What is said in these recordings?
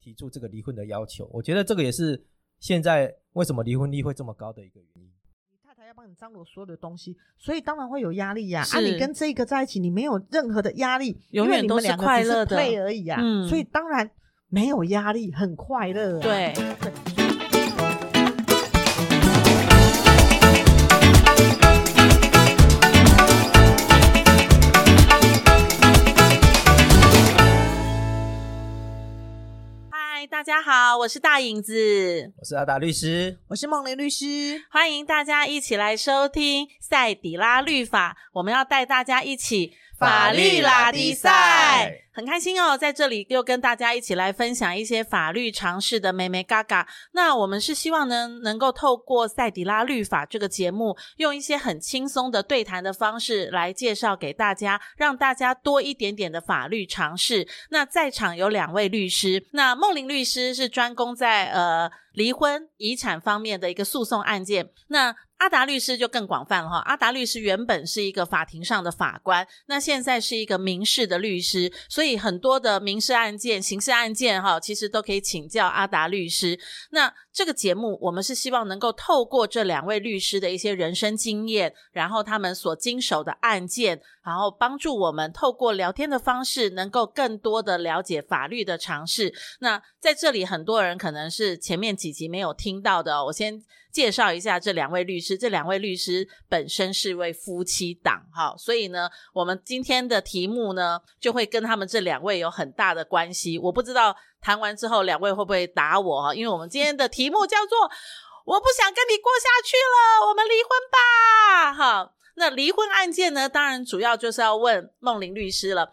提出這個離婚的要求，我覺得這個也是現在為什麼離婚率會這麼高的一個原因。你太太要幫你張羅所有的東西，所以當然會有壓力呀、啊。啊，你跟這個在一起，你沒有任何的壓力，永遠因為你們是是快樂的配而已呀、啊嗯。所以當然沒有壓力，很快樂、啊。對。嗯大家好，我是大影子，我是阿達律師，我是孟林律師，歡迎大家一起來收聽《塞底拉律法》，我們要帶大家一起。法律拉迪賽很開心哦，在這裡又跟大家一起來分享一些法律常識的眉眉角角。那我們是希望呢，能夠透過《賽迪拉律法》這個節目，用一些很輕鬆的對談的方式來介紹給大家，讓大家多一點點的法律常識。那在場有兩位律師，那孟玲律師是專攻在呃離婚、遺產方面的一個訴訟案件。那阿達律師就更廣泛了哈，阿達律師原本是一個法庭上的法官，那現在是一個民事的律師，所以很多的民事案件、刑事案件哈，其實都可以請教阿達律師。那這個節目我們是希望能夠透過這兩位律師的一些人生經驗，然後他們所經手的案件，然後幫助我們透過聊天的方式，能夠更多的了解法律的常識。那在這裡，很多人可能是前面幾集沒有聽到的，我先。介紹一下這兩位律師，這兩位律師本身是一位夫妻檔，哈，所以呢，我們今天的題目呢就會跟他們這兩位有很大的關係。我不知道談完之後兩位會不會打我哈，因為我們今天的題目叫做“我不想跟你過下去了，我們離婚吧”，哈。那離婚案件呢，當然主要就是要問孟玲律師了。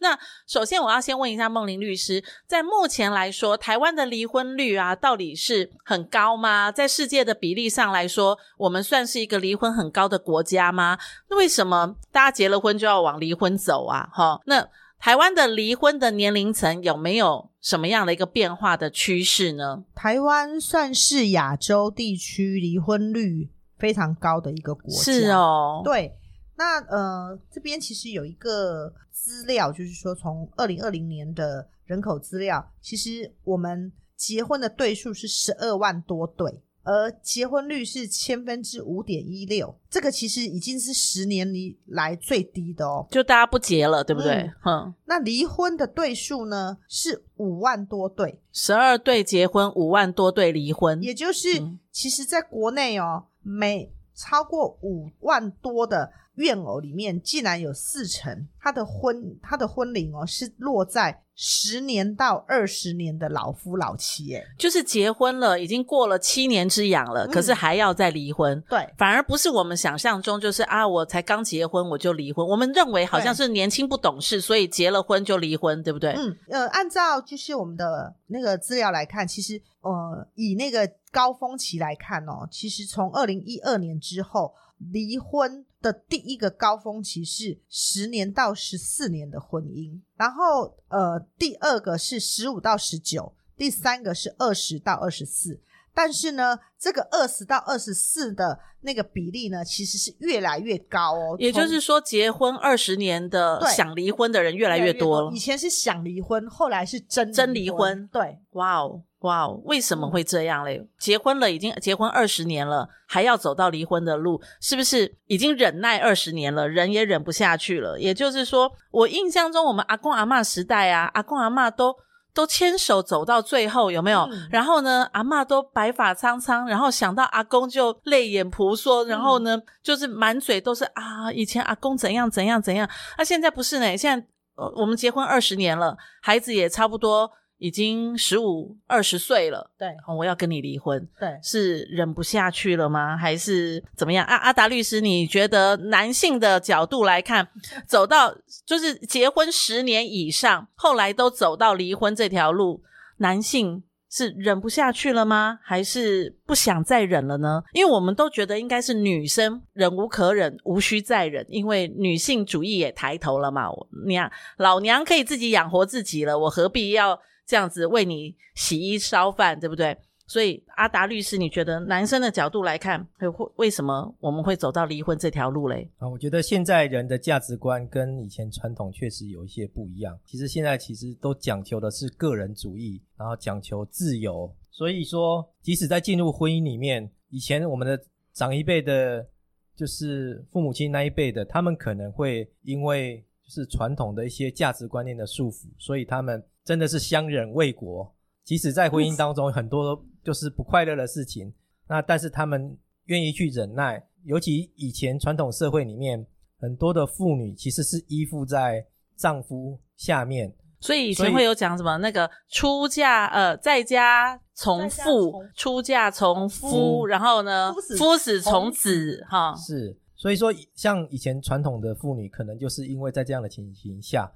那首先我要先問一下孟玲律師，在目前來說，台灣的離婚率啊，到底是很高嗎？在世界的比例上來說，我們算是一個離婚很高的國家嗎？那為什麼大家結了婚就要往離婚走啊？哈，那台灣的離婚的年齡層有沒有什麼樣的一個變化的趨勢呢？台灣算是亞洲地區離婚率非常高的一個，國家是哦，對。那呃，這邊其實有一個資料，就是說，從二零二零年的人口資料，其實我們結婚的對數是十二萬多對，而結婚率是千分之五點一六，這個其實已經是十年裡來最低的哦。就大家不結了，對不對？哼、嗯嗯，那離婚的對數呢，是五萬多對，十二對結婚，五萬多對離婚，也就是、嗯、其實在國內哦。每超過五萬多的怨偶裡面，竟然有四成，他的婚他的婚齡哦是落在十年到二十年的老夫老妻，哎，就是結婚了，已經過了七年之癢了、嗯，可是還要再離婚，對，反而不是我們想象中，就是啊，我才剛結婚我就離婚，我們認為好像是年輕不懂事，所以結了婚就離婚，對不對？嗯，呃，按照就是我們的那個資料來看，其實呃以那個。高峰期來看哦，其實從二零一二年之後，離婚的第一個高峰期是十年到十四年的婚姻，然後呃，第二個是十五到十九，第三個是二十到二十四。但是呢，這個二十到二十四的那個比例呢，其實是越來越高哦。也就是說，結婚二十年的想離婚的人越來越多了。以前是想離婚，後來是真離真離婚。對，哇哦。哇、wow,，為什麼會這樣嘞、嗯？結婚了，已經結婚二十年了，還要走到離婚的路，是不是已經忍耐二十年了，忍也忍不下去了？也就是說，我印象中，我們阿公阿嬤時代啊，阿公阿嬤都都牽手走到最後，有沒有？嗯、然後呢，阿嬤都白髮蒼蒼，然後想到阿公就淚眼婆娑，然後呢、嗯，就是滿嘴都是啊，以前阿公怎樣怎樣怎樣，啊現在不是呢？現在、呃、我們結婚二十年了，孩子也差不多。已經十五二十歲了，對、哦，我要跟你離婚，對，是忍不下去了嗎？還是怎麼樣？啊，阿達律師，你覺得男性的角度來看，走到就是結婚十年以上，後來都走到離婚這條路，男性是忍不下去了嗎？還是不想再忍了呢？因為我們都覺得應該是女生忍無可忍，無需再忍，因為女性主義也抬頭了嘛，你、啊、老娘可以自己養活自己了，我何必要？這樣子為你洗衣燒飯，對不對？所以阿達律師，你覺得男生的角度來看，會會為什麼我們會走到離婚這條路嘞？啊，我覺得現在人的價值觀跟以前傳統確實有一些不一樣。其實現在其實都講求的是個人主義，然後講求自由。所以說，即使在進入婚姻裡面，以前我們的長一輩的，就是父母親那一輩的，他們可能會因為就是傳統的一些價值觀念的束縛，所以他們。真的是相忍為國，即使在婚姻當中，很多就是不快樂的事情，那但是他們願意去忍耐。尤其以前傳統社會裡面，很多的婦女其實是依附在丈夫下面。所以以前會有講什麼那個出嫁呃，在家從父，從出嫁從夫，哦，然後呢，夫死從，從子哈，哦。是，所以說像以前傳統的婦女，可能就是因為在這樣的情形下，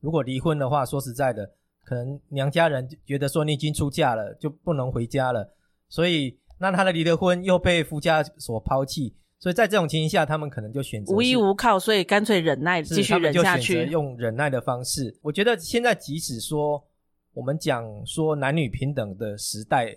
如果離婚的話，說實在的。可能娘家人就覺得說，你已經出嫁了，就不能回家了，所以那他的離了婚，又被夫家所拋棄，所以在這種情形下，他們可能就選擇無依無靠，所以乾脆忍耐，繼續忍下去，用忍耐的方式。我覺得現在即使說我們講說男女平等的時代，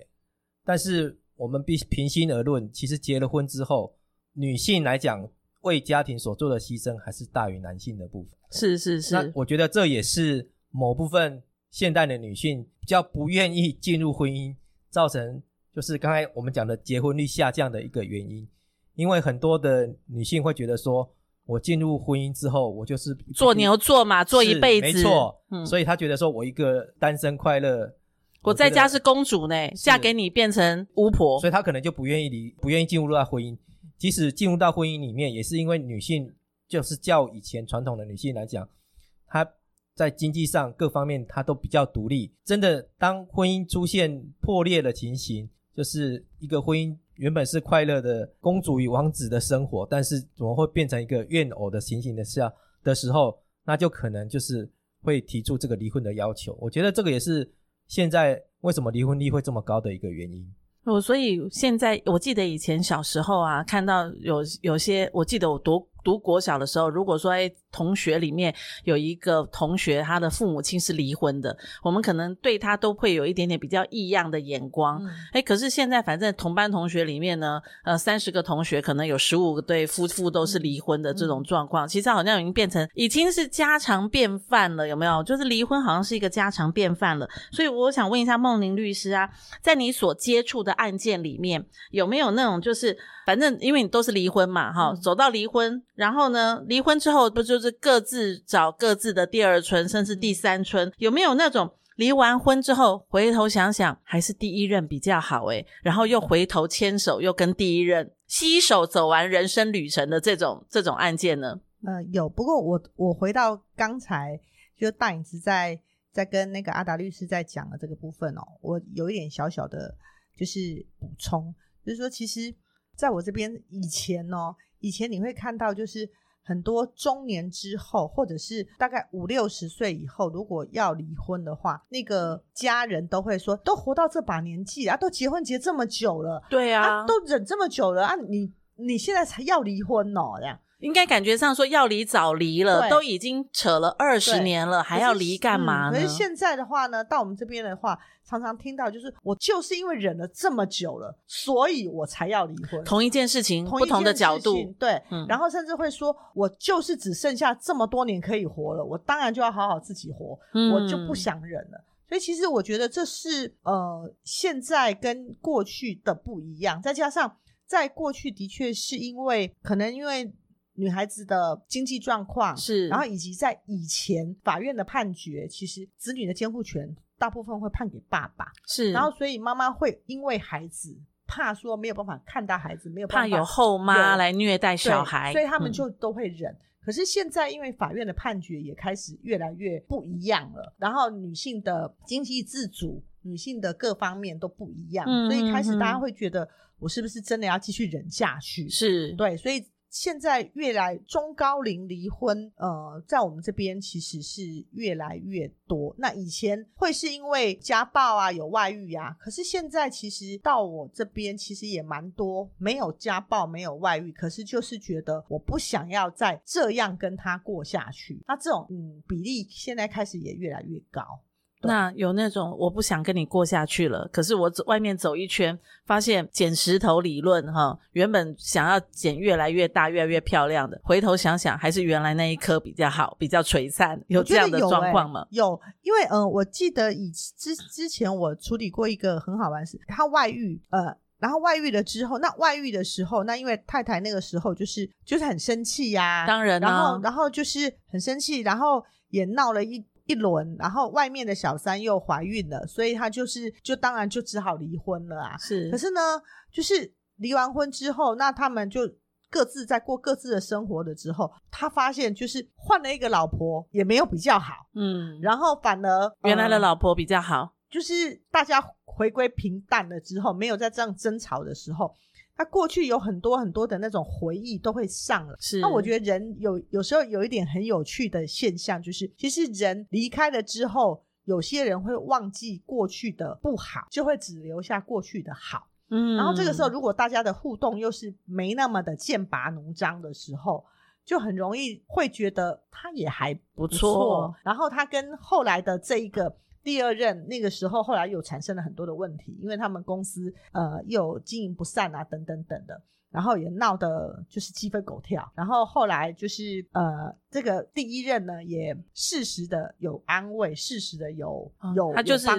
但是我們必須平心而論，其實結了婚之後，女性來講為家庭所做的犧牲還是大於男性的部分。是是是，那我覺得這也是某部分，現代的女性比較不願意進入婚姻，造成就是剛才我們講的結婚率下降的一個原因，因為很多的女性會覺得說，我進入婚姻之後，我就是做牛做馬做一輩子，沒錯，嗯，所以她覺得說，我一個單身快樂，我在家是公主呢，嫁給你變成巫婆，所以她可能就不願意離，不願意進入到婚姻。即使進入到婚姻裡面，也是因為女性就是較以前傳統的女性來講，她。在經濟上各方面，他都比較獨立。真的，當婚姻出現破裂的情形，就是一個婚姻原本是快樂的公主與王子的生活，但是怎麼會變成一個怨偶的情形的下的時候，那就可能就是會提出這個離婚的要求。我覺得這個也是現在為什麼離婚率會這麼高的一個原因。我、哦、所以現在我記得以前小時候啊，看到有有些，我記得我讀讀國小的時候，如果說哎。同學裡面有一個同學，他的父母親是離婚的，我們可能對他都會有一點點比較異樣的眼光。哎、嗯欸，可是現在反正同班同學裡面呢，呃，三十個同學可能有十五對夫婦都是離婚的這種狀況、嗯，其實好像已經變成已經是家常便飯了，有沒有？就是離婚好像是一個家常便飯了。所以我想問一下孟寧律師啊，在你所接觸的案件裡面，有沒有那種就是反正因為你都是離婚嘛，哈，走到離婚，然後呢，離婚之後不就是？各自找各自的第二春，甚至第三春，有沒有那種離完婚之後回頭想想還是第一任比較好哎、欸，然後又回頭牽手又跟第一任攜手走完人生旅程的這種這種案件呢？呃，有。不過我我回到剛才，就大影子在在跟那個阿達律師在講的這個部分哦、喔，我有一點小小的，就是補充，就是說，其實在我這邊以前哦、喔，以前你會看到就是。很多中年之後，或者是大概五六十歲以後，如果要離婚的話，那個家人都會說：“都活到這把年紀啊，都結婚結這麼久了，對啊，啊都忍這麼久了啊，你你現在才要離婚呢、哦？”這樣。應該感覺上說要離早離了，都已經扯了二十年了，還要離幹嘛呢、嗯？可是現在的話呢，到我們這邊的話，常常聽到就是我就是因為忍了這麼久了，所以我才要離婚。同一件事情，同一件事情不同的角度，對、嗯。然後甚至會說，我就是只剩下這麼多年可以活了，我當然就要好好自己活，嗯、我就不想忍了。所以其實我覺得這是呃，現在跟過去的不一樣。再加上在過去的確是因為可能因為。女孩子的經濟狀況是，然後以及在以前法院的判決，其實子女的監護權大部分會判給爸爸是，然後所以媽媽會因為孩子怕說沒有辦法看到孩子，沒有辦法，怕有後媽來虐待小孩，嗯、所以他們就都會忍、嗯。可是現在因為法院的判決也開始越來越不一樣了，然後女性的經濟自主，女性的各方面都不一樣，嗯、所以開始大家會覺得我是不是真的要繼續忍下去？是對，所以。現在越來中高齡離婚，呃，在我們這邊其實是越來越多。那以前會是因為家暴啊、有外遇呀、啊，可是現在其實到我這邊其實也蠻多，沒有家暴、沒有外遇，可是就是覺得我不想要再這樣跟他過下去。那這種嗯比例現在開始也越來越高。那有那種我不想跟你過下去了，可是我走外面走一圈，發現撿石頭理論哈，原本想要撿越來越大，越來越漂亮的，回頭想想還是原來那一顆比較好，比較璀璨，有這樣的狀況嗎？有，欸、有，因為嗯、呃，我記得以之之前，我處理過一個很好玩的事，他外遇呃，然後外遇了之後，那外遇的時候，那因為太太那個時候就是就是很生氣呀、啊，當然、啊，然後然後就是很生氣，然後也鬧了一一輪，然後外面的小三又懷孕了，所以他就是就當然就只好離婚了啊。是，可是呢，就是離完婚之後，那他們就各自在過各自的生活了之後，他發現就是換了一個老婆也沒有比較好，嗯，然後反而原來的老婆比較好，嗯、就是大家回歸平淡了之後，沒有在這樣爭吵的時候。他、啊、過去有很多很多的那種回憶都會上了。是。那我覺得人有有時候有一點很有趣的現象，就是其實人離開了之後，有些人會忘記過去的不好，就會只留下過去的好。嗯。然後這個時候，如果大家的互動又是沒那麼的劍拔弩張的時候，就很容易會覺得他也還不錯。不錯。然後他跟後來的這一個。第二任那個時候，後來又產生了很多的問題，因為他們公司呃又經營不善啊，等，等等等的，然後也鬧得就是雞飛狗跳。然後後來就是呃，這個第一任呢也適時的有安慰，適時的有有幫助。啊、他就是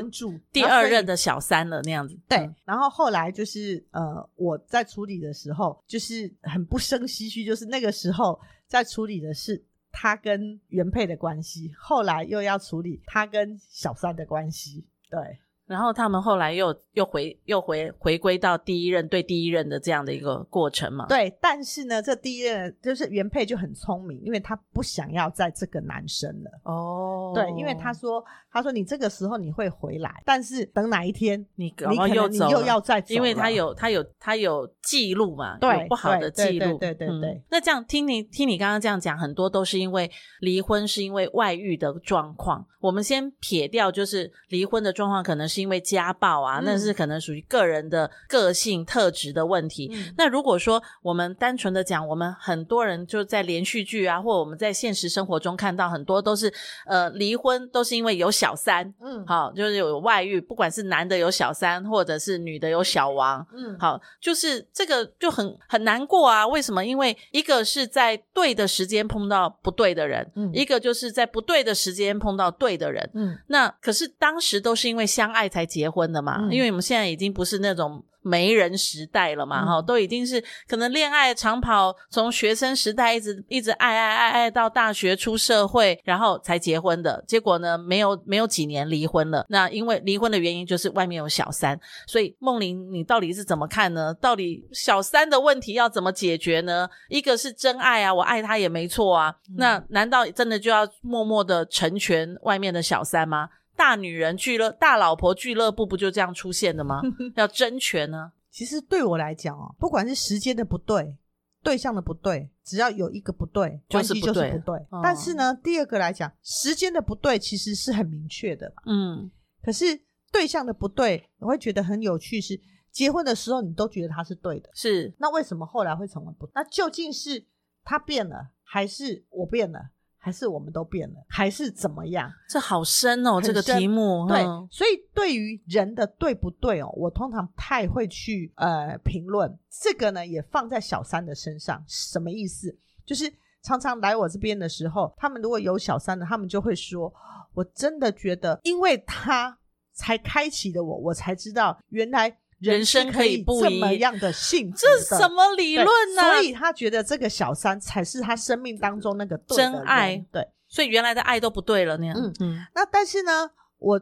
第二任的小三了，那，那樣子。對。然後後來就是呃，我在處理的時候就是很不勝唏噓，就是那個時候在處理的事他跟原配的關係，後來又要處理他跟小三的關係，對。然後他們後來又又回又回回歸到第一任對第一任的這樣的一個過程嘛？對，但是呢，這第一任就是原配就很聰明，因為他不想要在這個男生了。哦，對，因為他說他說，你這個時候你會回來，但是等哪一天你你又走，你你又要再走，因為他有他有他有，他有記錄嘛，對，有不好的記錄。對對對對，對，嗯，對，對，對，對。那這樣聽你聽你剛剛這樣講，很多都是因為離婚是因為外遇的狀況。我們先撇掉，就是離婚的狀況可能是，嗯。因為家暴啊，那是可能屬於個人的個性特質的問題。嗯，那如果說我們單純的講，我們很多人就在連續劇啊，或者我們在現實生活中看到很多都是呃離婚都是因為有小三，嗯，好就是有外遇，不管是男的有小三，或者是女的有小王，嗯，好就是這個就很很難過啊。為什麼？因為一個是在對的時間碰到不對的人，嗯，一個就是在不對的時間碰到對的人，嗯，那可是當時都是因為相愛。才結婚的嘛，因為我們現在已經不是那種媒人時代了嘛，哈、嗯，都已經是可能戀愛長跑，從學生時代一直一直愛愛愛愛到大學出社會，然後才結婚的。結果呢，沒有沒有幾年離婚了。那因為離婚的原因就是外面有小三，所以夢玲，你到底是怎麼看呢？到底小三的問題要怎麼解決呢？一個是真愛啊，我愛他也沒錯啊，那難道真的就要默默的成全外面的小三嗎？大女人俱樂，大老婆俱樂部不就這樣出現的嗎？ 要爭權呢、啊？其實對我來講、哦，不管是時間的不對，對象的不對，只要有一個不對，就是、不對關係就是不對、嗯。但是呢，第二個來講，時間的不對其實是很明確的。嗯，可是對象的不對，我會覺得很有趣是，是結婚的時候，你都覺得他是對的，是那為什麼後來會成為不對？那究竟是他變了，還是我變了？還是我們都變了，還是怎麼樣？這好深哦，很深這個題目。對、嗯，所以對於人的對不對哦，我通常太會去呃評論這個呢，也放在小三的身上。什麼意思？就是常常來我這邊的時候，他們如果有小三的，他們就會說，我真的覺得因為他才開啟了我，我才知道原來。人，人生可以不一樣的性，這是什麼理論呢、啊？所以他覺得這個小三才是他生命當中那個真愛，對，所以原來的愛都不對了那樣。嗯嗯。那但是呢，我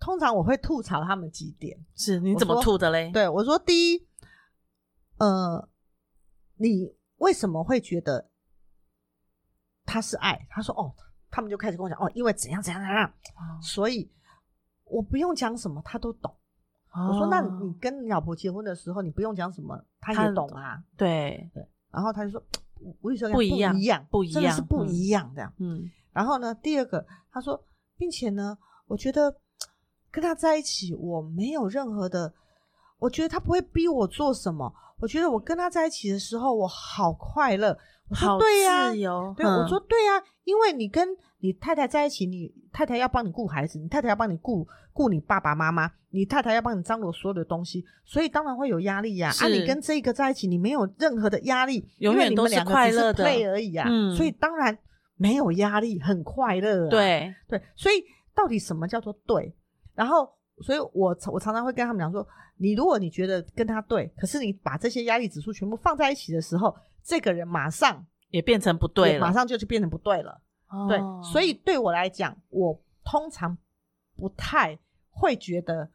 通常我會吐槽他們幾點？是你怎麼吐的嘞？對，我說第一，呃，你為什麼會覺得他是愛？他說哦，他們就開始跟我講哦，因為怎樣怎樣怎樣，所以我不用講什麼，他都懂。我說：“那你跟你老婆結婚的時候，哦，你不用講什麼，他也懂啊。”對對，然後他就說：“我跟你說不，不一樣，不一樣，真的是不一樣，嗯，這樣。”嗯，然後呢，第二個他說，並且呢，我覺得跟他在一起，我沒有任何的，我覺得他不會逼我做什麼。我覺得我跟他在一起的時候，我好快樂。我說對呀、啊，好自由，對、嗯，我說對呀、啊，因為你跟你太太在一起，你太太要幫你顧孩子，你太太要幫你顧顧你爸爸媽媽，你太太要幫你張羅所有的東西，所以當然會有壓力呀、啊。啊，你跟這個在一起，你沒有任何的壓力，永遠都是快樂的而已呀、啊。嗯，所以當然沒有壓力，很快樂、啊。對對，所以到底什麼叫做對？然後。所以我我常常會跟他們講說，你如果你覺得跟他對，可是你把這些壓力指數全部放在一起的時候，這個人馬上也變成不對了，馬上就就變成不對了，哦。對，所以對我來講，我通常不太會覺得，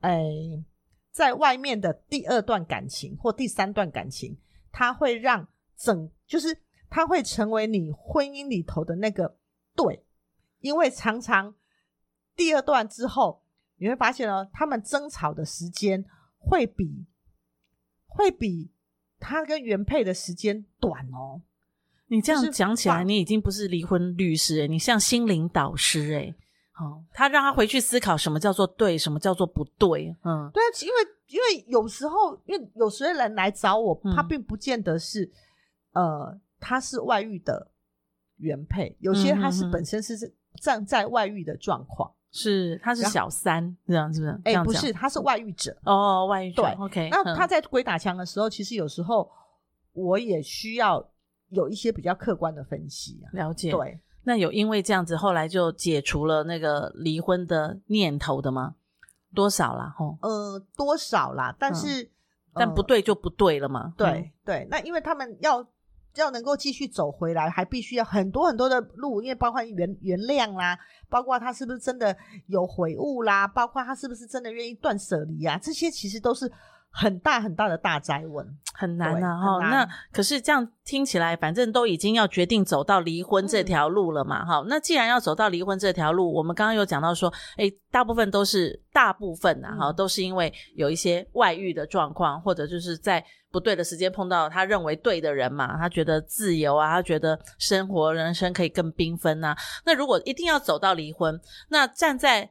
哎，欸，在外面的第二段感情或第三段感情，它會讓整就是它會成為你婚姻裡頭的那個對，因為常常第二段之後。你會發現呢、哦，他們爭吵的時間會比會比他跟原配的時間短哦。你這樣講起來，你已經不是離婚律師，你像心靈導師哎。好、哦，他讓他回去思考什麼叫做對，什麼叫做不對。嗯，對，因為因為有時候，因為有些人來找我，他並不見得是、嗯、呃，他是外遇的原配，有些他是本身是站在外遇的狀況。是，他是小三是這樣子，不是？哎、欸，不是，他是外遇者哦，哦，外遇者。對，OK、嗯。那他在鬼打牆的時候、嗯，其實有時候我也需要有一些比較客觀的分析、啊、了解，對。那有因為這樣子，後來就解除了那個離婚的念頭的嗎？嗯嗯、多少啦？哈。呃，多少啦？但是、嗯嗯，但不對就不對了嘛。對、嗯、對，那因為他們要。只要能夠繼續走回來，還必須要很多很多的路，因為包括原原諒啦，包括他是不是真的有悔悟啦，包括他是不是真的願意斷捨離啊，這些其實都是。很大很大的大宅。文很難吶、啊、哈，那可是這樣聽起來，反正都已經要決定走到離婚這條路了嘛哈、嗯，那既然要走到離婚這條路，我們剛剛有講到說，誒、欸、大部分都是大部分吶、啊、哈，都是因為有一些外遇的狀況、嗯，或者就是在不對的時間碰到他認為對的人嘛，他覺得自由啊，他覺得生活人生可以更繽紛吶。那如果一定要走到離婚，那站在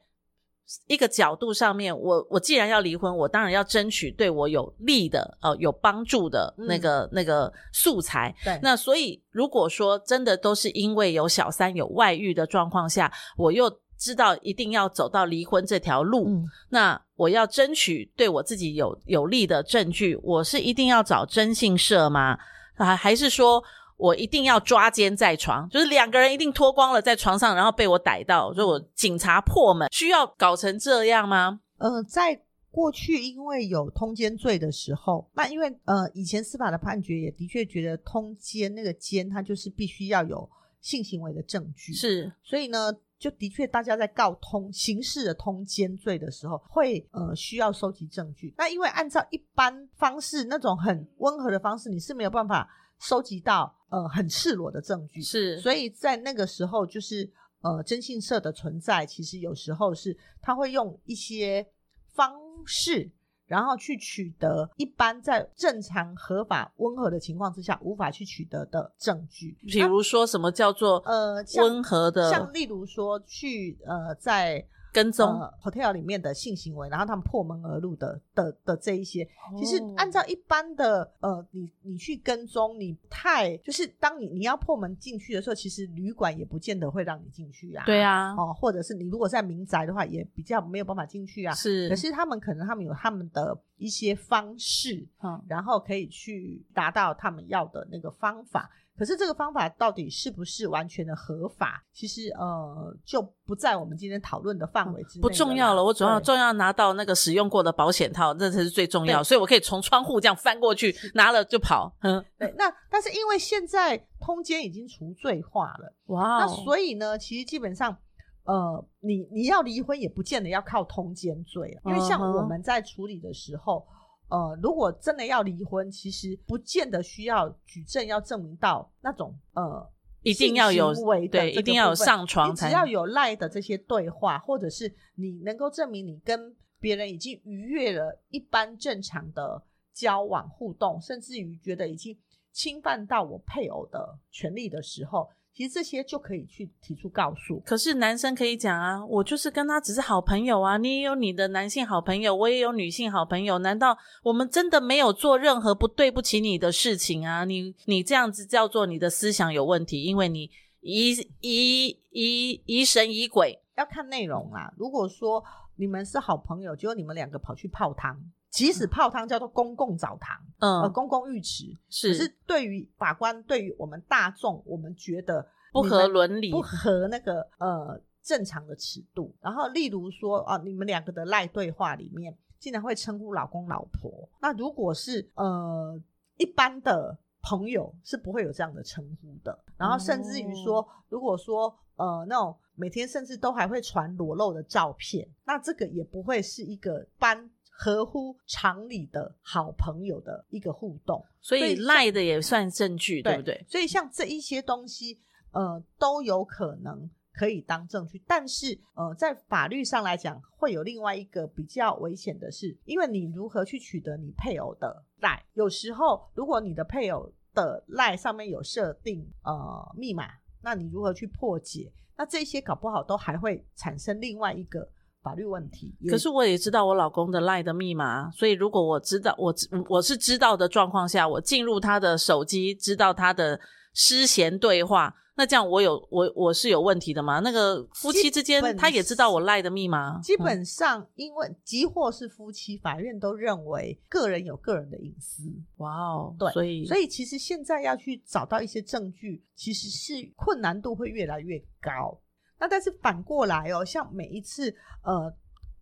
一個角度上面，我我既然要離婚，我當然要爭取對我有利的呃有幫助的那個、嗯、那個素材。對，那所以，如果說真的都是因為有小三有外遇的狀況下，我又知道一定要走到離婚這條路，嗯、那我要爭取對我自己有有利的證據，我是一定要找徵信社嗎？啊，還是說？我一定要抓奸在床，就是兩個人一定脫光了在床上，然後被我逮到，就我警察破門，需要搞成這樣嗎？呃，在過去因為有通奸罪的時候，那因為呃以前司法的判決也的確覺得通奸那個奸他就是必須要有性行為的證據，是，所以呢，就的確大家在告通刑事的通奸罪的時候，會呃需要收集證據。那因為按照一般方式那種很溫和的方式，你是沒有辦法。收集到呃很赤裸的證據是，所以在那個時候就是呃徵信社的存在，其實有時候是他會用一些方式，然後去取得一般在正常合法溫和的情況之下無法去取得的證據，比如說什麼叫做呃溫和的、啊呃像，像例如說去呃在。跟蹤、呃、hotel 裡面的性行為，然後他們破門而入的的的這一些、哦，其實按照一般的呃，你你去跟蹤，你太就是當你你要破門進去的時候，其實旅館也不見得會讓你進去呀、啊，對呀、啊，哦、呃，或者是你如果在民宅的話，也比較沒有辦法進去啊，是，可是他們可能他們有他們的一些方式，嗯，然後可以去達到他們要的那個方法。可是這個方法到底是不是完全的合法？其實呃，就不在我們今天討論的範圍之內、嗯。不重要了，我主要重要拿到那個使用過的保險套，這才是最重要。所以我可以從窗戶這樣翻過去，拿了就跑。哼，對。那但是因為現在通姦已經除罪化了，哇、wow！那所以呢，其實基本上呃，你你要離婚也不見得要靠通姦罪了，因為像我們在處理的時候。Uh-huh. 呃，如果真的要離婚，其實不見得需要舉證，要證明到那種呃，一定要有，對，一定要有上床才，只要有賴的這些對話，或者是你能夠證明你跟別人已經逾越了一般正常的交往互動，甚至於覺得已經侵犯到我配偶的權利的時候。其實這些就可以去提出告訴，可是男生可以講啊，我就是跟他只是好朋友啊，你也有你的男性好朋友，我也有女性好朋友，難道我們真的沒有做任何不對不起你的事情啊！你你這樣子叫做你的思想有問題，因為你疑疑疑疑神疑鬼，要看內容啊。如果說你們是好朋友，結果你們兩個跑去泡湯。即使泡湯叫做公共澡堂，嗯，呃，公共浴池是。是對於法官，對於我們大眾，我們覺得們不，合、那個、不合倫理、不合那個呃正常的尺度。然後，例如說，哦、呃，你們兩個的賴對話裡面，竟然會稱呼老公老婆。那如果是呃一般的朋友，是不會有這樣的稱呼的。然後，甚至於說，哦、如果說呃那種每天甚至都還會傳裸露的照片，那這個也不會是一個班合乎常理的好朋友的一個互動，所以賴的也算證據，對不對？對，所以像這一些東西，呃，都有可能可以當證據，但是呃，在法律上來講，會有另外一個比較危險的事，因為你如何去取得你配偶的賴？有時候，如果你的配偶的賴上面有設定呃密碼，那你如何去破解？那這些搞不好都還會產生另外一個。法律問題，可是我也知道我老公的 LINE 的密碼，所以如果我知道我我是知道的狀況下，我進入他的手機，知道他的私訊對話，那這樣我有我我是有問題的嗎？那個夫妻之間，他也知道我 LINE 的密碼。基本上、嗯，因為即或是夫妻，法院都認為個人有個人的隱私。哇哦，對，所以所以其實現在要去找到一些證據，其實是困難度會越來越高。那但是反過來哦，像每一次呃，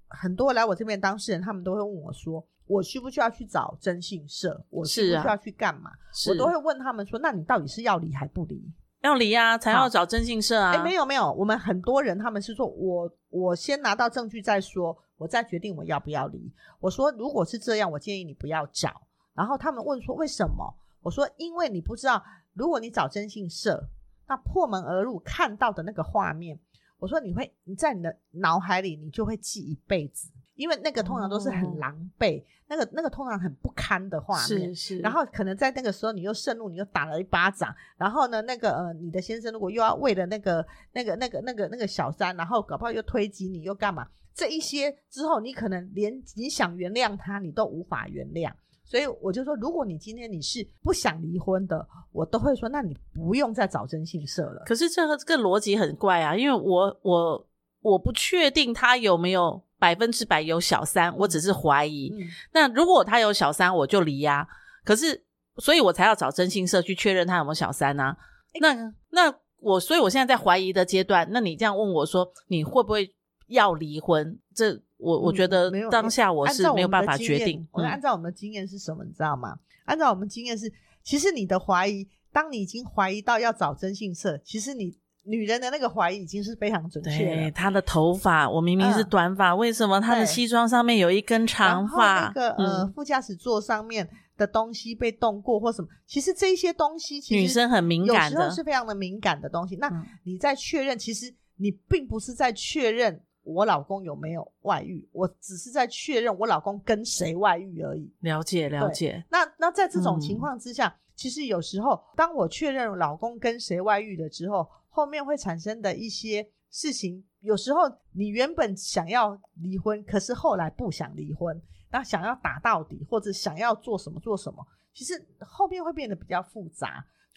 很多來我這邊當事人，他們都會問我說：“我需不需要去找徵信社？我需不需要去幹嘛？”是啊，是。我都會問他們說：“那你到底是要離還不離？”要離啊，才要找徵信社啊！哎、欸，沒有沒有，我們很多人他們是說：“我我先拿到證據再說，我再決定我要不要離。”我說：“如果是這樣，我建議你不要找。”然後他們問說：“為什麼？”我說：“因為你不知道，如果你找徵信社，那破門而入看到的那個畫面。”我說，你會你在你的腦海裡，你就會記一輩子，因為那個通常都是很狼狽，哦、那個那個通常很不堪的畫面。是是。然後可能在那個時候，你又憤怒，你又打了一巴掌。然後呢，那個呃，你的先生如果又要為了那個那個那個那個、那個、那個小三，然後搞不好又推擠你，又幹嘛？這一些之後，你可能連你想原諒他，你都無法原諒。所以我就說，如果你今天你是不想離婚的，我都會說，那你不用再找徵信社了。可是這個這個邏輯很怪啊，因為我我我不確定他有沒有百分之百有小三，我只是懷疑。嗯、那如果他有小三，我就離呀、啊。可是，所以我才要找徵信社去確認他有沒有小三啊。那那我，所以我現在在懷疑的階段。那你這樣問我說，你會不會要離婚？這，我我覺得當下我是沒有辦法決定。嗯、按我，我按照我們的經驗是什麼，你知道嗎？按照我們經驗是，其實你的懷疑，當你已經懷疑到要找徵信社，其實你女人的那個懷疑已經是非常準確了。對，她的頭髮，我明明是短髮，嗯、為什麼她的西裝上面有一根長髮？那個呃，副駕駛座上面的東西被動過或什麼？其實這些東西，其實女生很敏感的，女生是非常的敏感的東西，嗯。那你在確認，其實你並不是在確認。我老公有沒有外遇？我只是在確認我老公跟誰外遇而已。了解，了解。那那在這種情況之下，嗯、其實有時候當我確認老公跟誰外遇了之後，後面會產生的一些事情，有時候你原本想要離婚，可是後來不想離婚，那想要打到底或者想要做什麼做什麼，其實後面會變得比較複雜。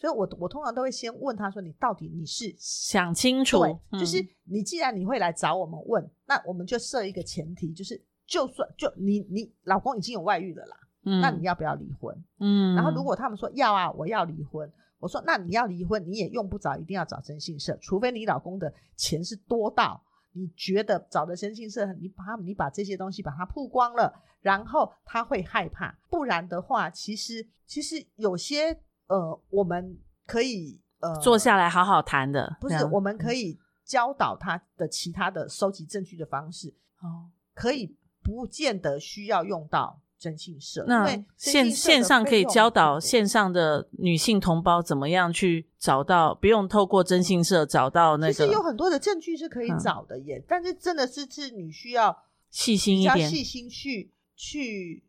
所以我，我我通常都會先問他說：“你到底你是想清楚？對、嗯、就是你既然你會來找我們問，那我們就設一個前提，就是就算就你你老公已經有外遇了啦，嗯、那你要不要離婚？嗯，然後如果他們說要啊，我要離婚，我說那你要離婚，你也用不着一定要找徵信社，除非你老公的錢是多到你覺得找的徵信社，你把你把這些東西把它曝光了，然後他會害怕，不然的話，其實其實有些。呃，我們可以呃坐下來好好談的，不是我們可以教導他的其他的收集證據的方式，哦、嗯，可以不見得需要用到徵信社，那社線線上可以教導線上的女性同胞怎麼樣去找到，嗯、不用透過徵信社找到那個，其實有很多的證據是可以找的耶，嗯、但是真的是是你需要細心，心一點，細心去去。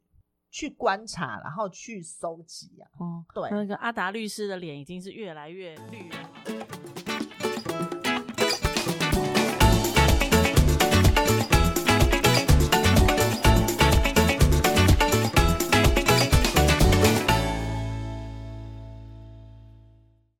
去觀察，然後去搜集啊。嗯，對，那個阿達律師的臉已經是越來越綠了。